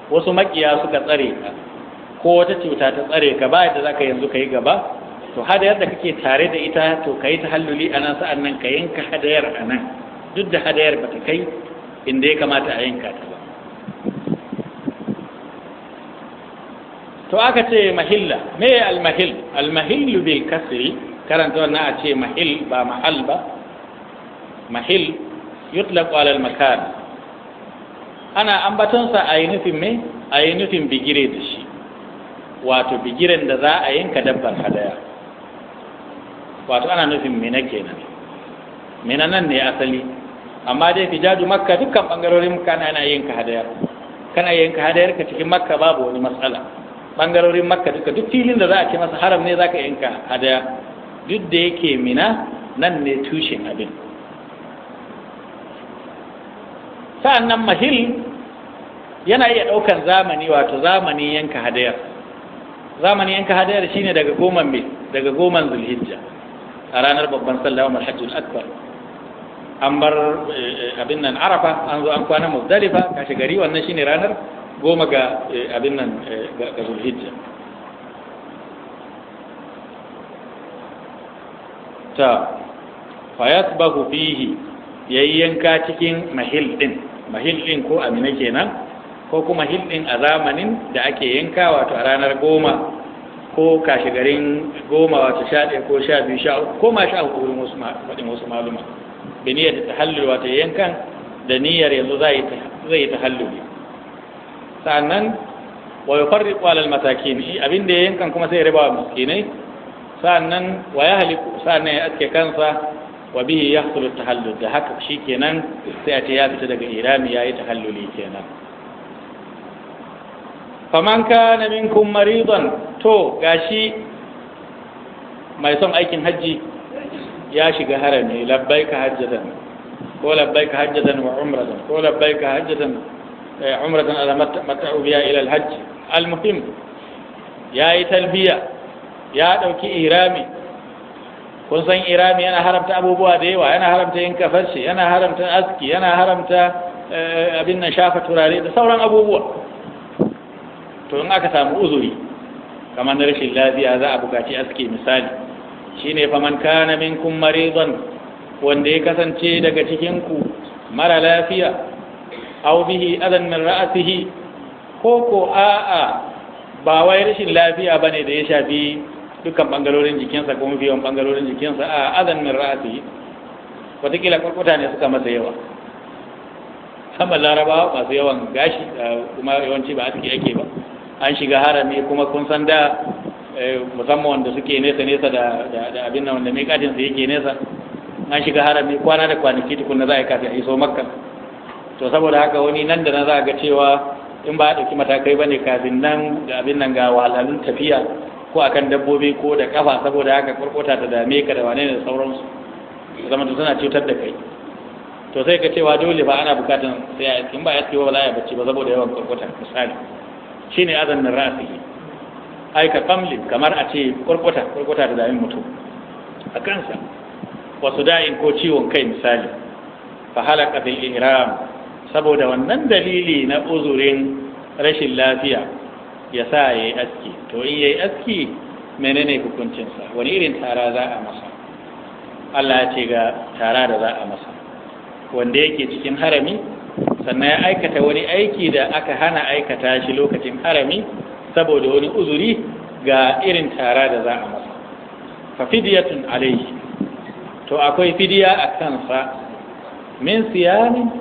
wasu makiya suka tsare ka ko wata cuta ta tsare ka ba yadda zaka yanzu yi gaba to hada da kake tare da ita to kai ta halluli a nan sa'an nan ka yanka hadayar a nan duk da hadayar ba ta kai inda ya kamata a yanka ta ba to aka ce mahilla me almahil almahillu bil kasri karanta wannan a ce mahil ba mahal ba mahil yutla kwalal makar ana ambatonsa a yi nufin mai a yi nufin bigire da shi wato bigiren da za a yanka dabbar hadaya wato ana nufin mina kenan mina nan ne asali amma dai jadu makka dukkan bangarorin kana ana yanka hadaya kana yanka hadayar ka cikin makka babu wani matsala bangarorin makka duka duk filin da za a ce masa haram ne za ka yanka hadaya duk da yake mina nan ne tushen abin sa'annan mahil yana iya ɗaukan zamani wato zamanin yanka hadayar zamanin yanka hadayar shine daga goman mil daga goman zulhijja a ranar babban sallah wa hajjul akbar an bar eh, eh, abin nan arafa an zo an kwana muzdalifa kashi gari wannan shine ranar goma ga eh, abin nan ga zulhijja ta ku fihi yayyanka cikin mahil din mahil din ko amina kenan ko kuma hilɗin din a zamanin da ake yanka wato a ranar goma ko garin goma wato sha ɗaya ko sha biyu sha ko ma sha hukurin wasu faɗin wasu maluma bi niyyar da tahallul wato yankan da niyyar yanzu zai yi tahalluli nan, wa yufarriqu alal masakin abin da yankan kuma sai ya raba wa miskinai sannan wa ya haliku sannan ya aske kansa wa bihi ya yahsulu tahallul da haka Shi kenan sai a ce ya fita daga irami ta tahalluli kenan faman kana minkun maridan to gashi mai son aikin hajji ya shiga harami ka hajjatan ko ka hajjatan wa umratan ko ka hajjatan eh, umratan ala mat'u biha ila al-hajj al-muhim yayi talbiya ya ɗauki irami kun san irami yana haramta abubuwa da yawa yana haramta yin kafarci yana haramta aski yana haramta eh, abin nan shafa turare da sauran abubuwa to in aka samu uzuri kamar na rashin lafiya za a bukaci aski misali shine fa man kana minkum maridan wanda ya kasance daga cikinku mara lafiya aw bihi adan min ra'sihi ko ko a'a ba wai rashin lafiya bane da ya shafi dukkan bangarorin jikinsa ko mafi yawan bangarorin jikinsa a azan min ra'asi watakila kurkuta ne suka masa yawa sama laraba masu yawan gashi kuma yawanci ba aski yake ba an shiga harami kuma kun san da e, musamman wanda suke nesa nesa da abin nan wanda miƙatin su yake nesa an shiga harami kwana da kwanaki na za a yi kafin a iso makka to saboda haka wani nan da na za a ga cewa in ba a ɗauki matakai ba ne kafin nan da abin nan ga wahalhalun tafiya ko akan dabbobi ko da kafa saboda haka kurkuta ta dame ka da wane da sauransu zama to tana cutar da kai to sai ka cewa dole ba ana bukatan sai a in ba yaske ba za a bacci ba saboda yawan kurkuta misali shine azannin rasihi ai ka kamli kamar a ce kurkuta kurkuta ta dame mutum a kansa wasu da'in ko ciwon kai misali fa halaka bil ihram saboda wannan dalili na uzurin rashin lafiya ya sa ya yi aski to in ya yi aski mene ne hukuncinsa wani irin tara za a masa Allah ya ce ga tara da za a masa wanda yake cikin harami sannan ya aikata wani aiki da aka hana aikata shi lokacin harami saboda wani uzuri ga irin tara da za a masa fa fidiyatun alayhi to akwai fidiya a kansa min siyamin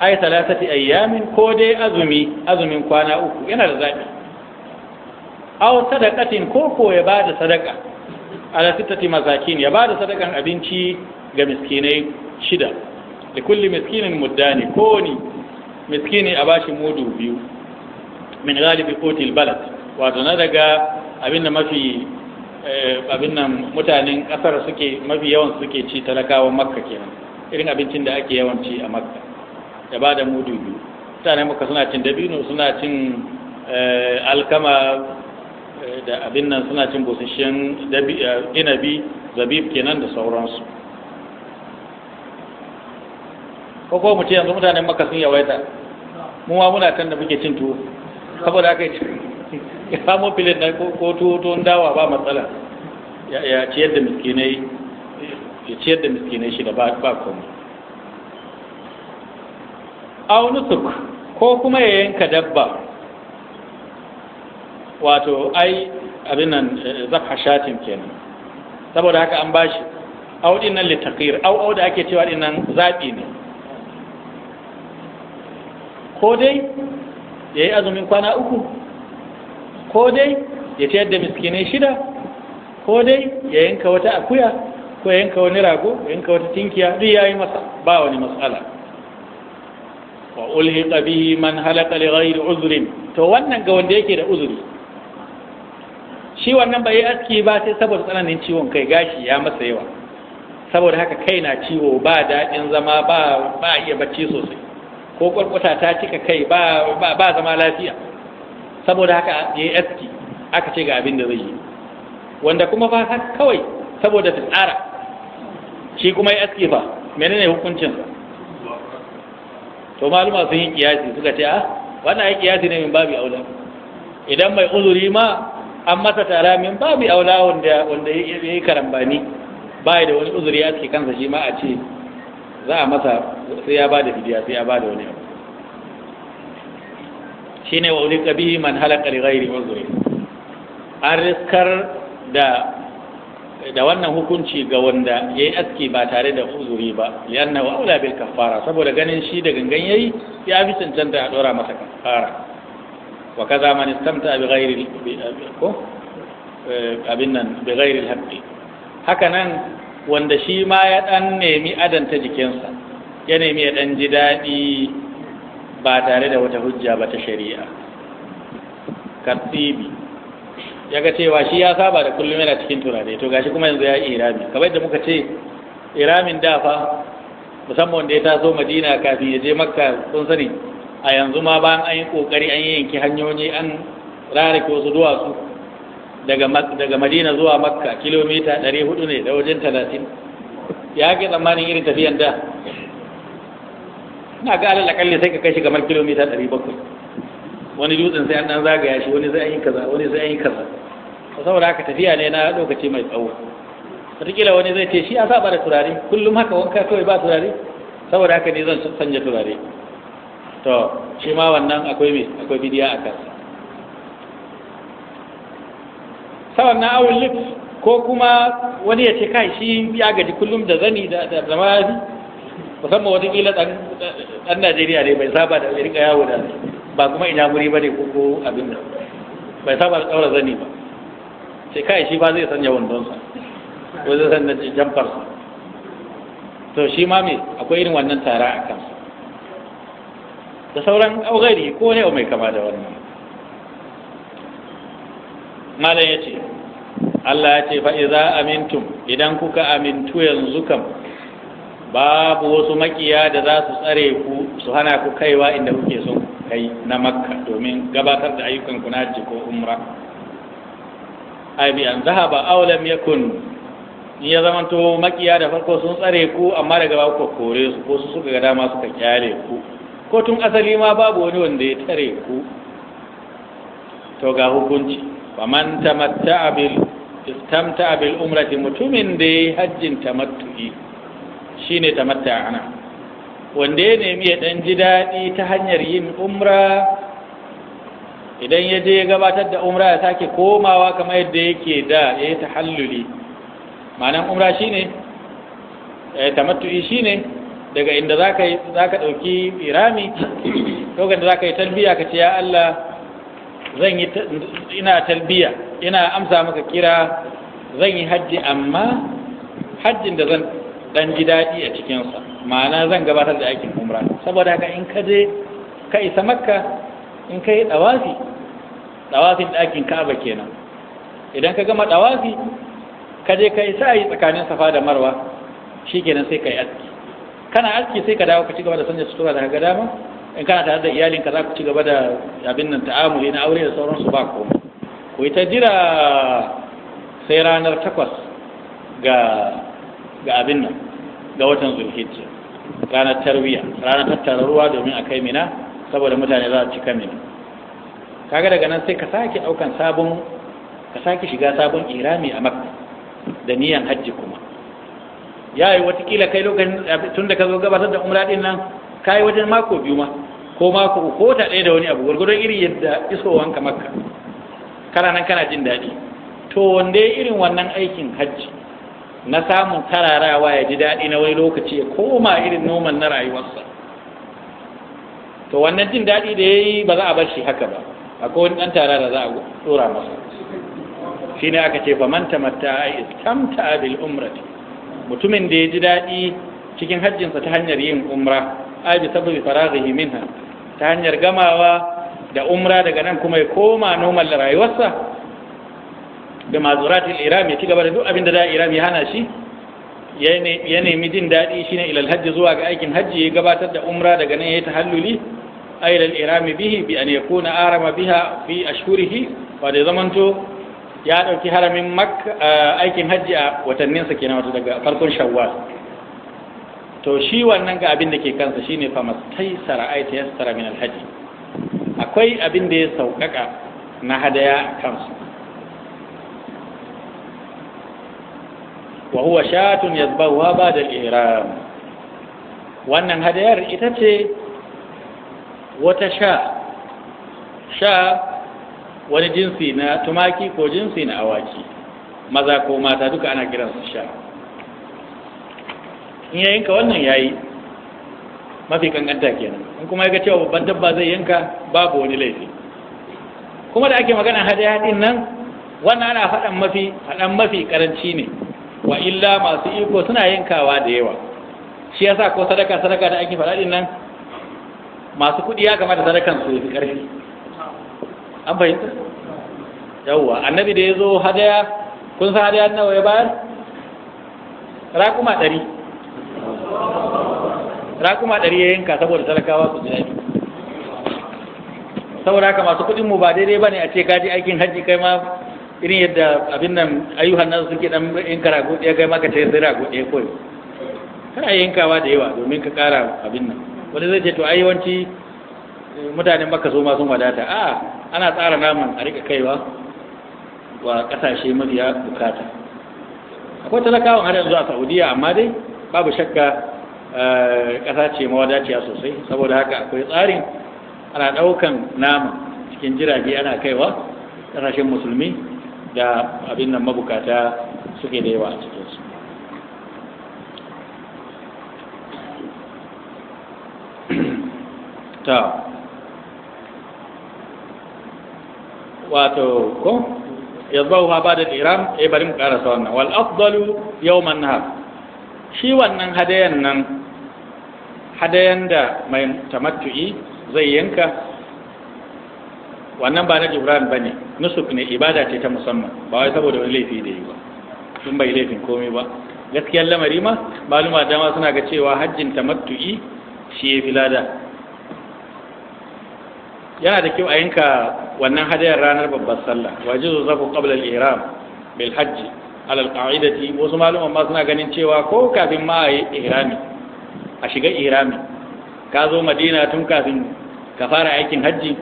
ay talatati ayyamin ko dai azumi azumin kwana uku yana da zaɓi aw sadaqatin ko ko ya bada sadaka ala sittati masakin ya bada sadakan abinci ga miskinai shida da kulli miskinin muddani ko ni miskini a bashi mudu biyu min galibi kotil balad wato na daga abin da mafi eh, abin nan mutanen kasar suke mafi yawan suke ci talakawan makka kenan irin abincin da ake yawan ci a makka ya ba da mudu biyu mutane maka suna cin dabino suna cin eh, alkama eh, da abin nan suna cin busasshen eh, inabi zabib kenan da sauransu ko ko mu ce yanzu mutanen maka sun yawaita mu ma muna kan da muke cin tuwo saboda aka yi ya samu filin na ko tuwo tuwon dawa ba matsala ya ciyar da miskinai ya ciyar da miskinai shi da ba komai Au nusuk ko kuma ya yanka dabba wato ai abin nan eh, zaka shatin kenan saboda haka an bashi au din nan litaqir au au da ake cewa din nan zabi ne ko dai yayi azumin kwana uku ko dai ya tayar da miskinai shida ko dai ya yanka wata akuya ko yanka wani rago yanka wata tinkiya duk yayi masa ba wani matsala wa ulhiqa bihi man halaka li ghairi uzrin to wannan ga wanda yake da uzuri shi wannan bai aski ba sai saboda tsananin ciwon kai gashi ya masa yawa saboda haka kai na ciwo ba daɗin zama ba ba iya bacci sosai ko kwarkwata ta cika kai ba ba zama lafiya saboda haka ya aski aka ce ga abin da zai yi wanda kuma ba kawai saboda tsara shi kuma ya aski fa menene hukuncin to maluma sun yi kiyasi suka ce a ah, wannan ai kiyasi ne min babi aula idan mai uzuri ma an masa tara min babi aula wanda wanda ya yi karambani bai da wani uzuri ya ce kansa shi ma a ce za a masa sai ya bada fidiya sai ya bada wani abu shine wa uli kabi man halaka li ghairi uzri an riskar da da wannan hukunci ga wanda ya yi aski ba tare da uzuri ba liyanna wa aula bil kafara saboda ganin shi da gangan yayi ya fi cancanta a dora masa kafara wa kaza man istamta bi ghairi ko eh, abin nan bi ghairi haqqi haka nan wanda shi ma ya dan nemi adanta jikinsa ya nemi ya dan ji daɗi ba tare da wata hujja ba ta shari'a katibi ya ga cewa shi ya saba da kullum yana cikin turare to gashi kuma yanzu ya yi irami kamar yadda muka ce iramin dafa musamman wanda ya taso madina kafin ya je makka sun sani a yanzu ma bayan an yi kokari an yanki hanyoyi an rarrake wasu duwatsu daga madina zuwa makka kilomita 400 ne da wajen 30 ya ke tsammanin irin tafiyan da na ga alal akalli sai ka kai shi kamar kilomita 700 wani dutsen sai an dan zagaya shi wani sai an yi kaza wani sai an yi kaza saboda haka tafiya ne na lokaci mai tsawo wataƙila wani zai ce shi a saba da turare kullum haka wanka kawai ba turare saboda haka ne zan sanya turare to shi ma wannan akwai mai akwai bidiya a kansa sawan na awon lif ko kuma wani ya ce kai shi ya gaji kullum da zani da zama musamman wataƙila ɗan najeriya ne bai saba da rika yawo da ba kuma ina wuri ba ko ko abin nan bai saba da daura zani ba sai kai shi ba zai sanya donsa ko zai sanya jamfarsa to shi ma me akwai irin wannan tara a kansa da sauran augari ko ne mai kama da wannan malam ya ce Allah ya ce fa'iza amintum idan kuka amintu yanzu kam babu wasu makiya da za su tsare ku su hana ku kaiwa inda kuke son ku Kai na makka domin gabatar da ayyukan na hajji ko umra ai bi an zahaba au lam yakun in ya zamanto makiya da farko sun tsareku amma daga ba ku kore su ko su suka ga dama suka kyale ko tun asalii ma babu wani wanda tareku to ga hukunci faman tamatta'a bil istamta'a abil umrati mutumin da yayi hajjin tamattu'i shine tamatta'a ana wanda ya nemi ya ɗan ji daɗi ta hanyar yin umra idan ya je ya gabatar da umra ya sake komawa kamar yadda yake da ya yi tahalluli ma'anan umra shi ne tamattu'i shi ne daga inda za ka ɗauki irami lokacin da za ka yi talbiya ka ce ya Allah zan yi ina talbiya ina amsa maka kira zan yi hajji amma hajjin da zan ɗan ji daɗi a cikinsa ma'ana zan gabatar da aikin umra saboda ka in kaje ka makka in ka yi dawafi dawafin ɗakin ka'aba kenan idan ka gama dawafi ka je ka yi tsakanin safa da marwa shikenan sai ka yi aski kana aski sai ka dawo ka ci gaba da sanya sutura da ga dama in kana tare da iyalin ka za ku ci gaba da abin nan ta'amuli na aure da sauransu ba komai ku yi ta jira sai ranar takwas ga abin nan ga watan zulhijja ranar tarwiya ranar tattara ruwa domin a kai mina saboda mutane za a cika mina kaga daga nan sai ka sake daukan sabon ka sake shiga sabon irami a makka da niyan hajji kuma ya yi watakila kai lokacin tun da ka zo gabatar da umra din nan ka yi wajen mako biyu ma ko mako ko ta ɗaya da wani abu gwargwadon iri yadda isowanka makka kana nan kana jin daɗi to wanda irin wannan aikin hajji na samun kararawa ya ji daɗi na wani lokaci ya koma irin noman na rayuwarsa to wannan jin daɗi da ya yi ba za a bar shi haka ba akwai wani ɗan tara da za a tsora masa shi ne aka ce faman mata a istamta bil umrati mutumin da ya ji daɗi cikin hajjinsa ta hanyar yin umra a sabbi sababi faraghihi minha ta hanyar gamawa da umra daga nan kuma ya koma noman rayuwarsa da mazuratul iram ya ci gaba da duk abin da da iram ya hana shi ya nemi jin daɗi ne ilal hajji zuwa ga aikin hajji ya gabatar da umra daga nan ya tahalluli a ilal iram bihi bi an yakuna arama biha fi ashhurihi wa da to ya ɗauki haramin mak aikin hajji a watannin sa kenan wato daga farkon shawwal to shi wannan ga abin da ke kansa shine fa mastai sara'ai ta yassara min alhaji akwai abin da ya saukaka na hadaya kansu wa huwa shatun yazbahuha ba'da al-ihram wannan hadayar ita ce wata sha sha wani jinsi na tumaki ko jinsi na awaki maza ko mata duka ana su sha in ya wannan yayi mafi kankanta kenan in kuma ya ga cewa babban dabba zai yanka babu wani laifi kuma da ake magana hadaya din nan wannan ana faɗan mafi faɗan mafi karanci ne wa illa masu iko suna yankawa da yawa shi yasa ko sadaka sadaka da ake faɗaɗin nan masu kuɗi ya kamata sadakan su fi ƙarfi an fahimta yawwa annabi da ya zo hadaya kun san hadaya nawa ya bayar raƙuma ɗari raƙuma ɗari ya yanka saboda talakawa su jira saboda haka masu kuɗin mu ba daidai ba ne a ce kaji aikin hajji kai ma irin yadda abin nan ayyuhan nan suke dan in karago ɗaya kai maka ce sai rago ɗaya koyo. kana yankawa da yawa domin ka ƙara abin nan wani zai ce to ai yawanci eh, mutanen maka so ma wadata a ana tsara naman a rika kaiwa wa ƙasashe mafiya bukata akwai talakawan har yanzu a saudiya amma dai babu shakka eh, ƙasa ce mawadaciya sosai saboda haka akwai tsarin ana ɗaukan nama cikin jirage ana kaiwa ƙasashen musulmi da abin nan mabukata suke da yawa a cikinsu ta wato ko ha ba da iram eh bari mu karasa wannan wal afdalu yawman nahar shi wannan hadayan nan hadayan da mai tamattu'i zai yanka wannan ba na jibran ba ne nusuk ne ibada ce ta musamman ba wai saboda wani laifi da yi ba sun bai laifin komai ba gaskiyar lamari ma maluma dama suna ga cewa hajjin tamattu'i shi ya fi lada yana da kyau a yanka wannan hadayar ranar babbar sallah waje zo qabla al-ihram bil hajji alal qa'idati wasu maluman ma suna ganin cewa ko kafin ma a yi ihrami a shiga ihrami ka zo madina tun kafin ka fara aikin hajji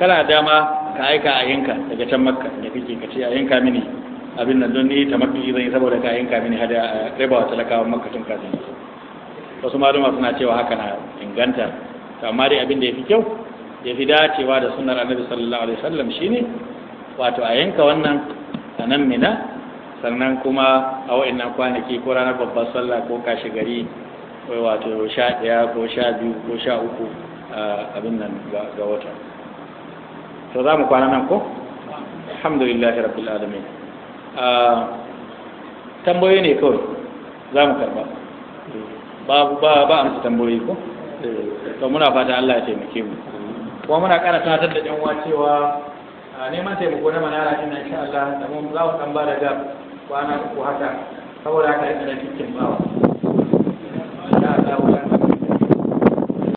kana dama ka aika a yanka daga can makka da kake ka ce a yanka mini abin nan don ni ta mafi zan yi saboda ka yanka mini hada a eh, raba wa talakawan makka tun kafin wasu maluma suna cewa haka na inganta to amma dai abin da ya fi kyau ya fi dacewa da sunnar annabi sallallahu alaihi wasallam shine wato a yanka wannan a nan mina sannan kuma a wa'annan kwanaki ko ranar babbar sallah ko kashi gari wato sha ɗaya ko sha biyu ko sha uku eh, abin nan ga wata to za mu kwana nan ko alhamdulillah rabbil alamin ah, tambayoyi ne kawai za mu karba ba, ba ba amsa tambayoyi ko to muna fata Allah ya taimake mu kuma muna ƙara tunatar da yan cewa ah, neman taimako na manara ina insha Allah da mu za mu tambara ba da kwana uku haka saboda haka ina da cikin bawa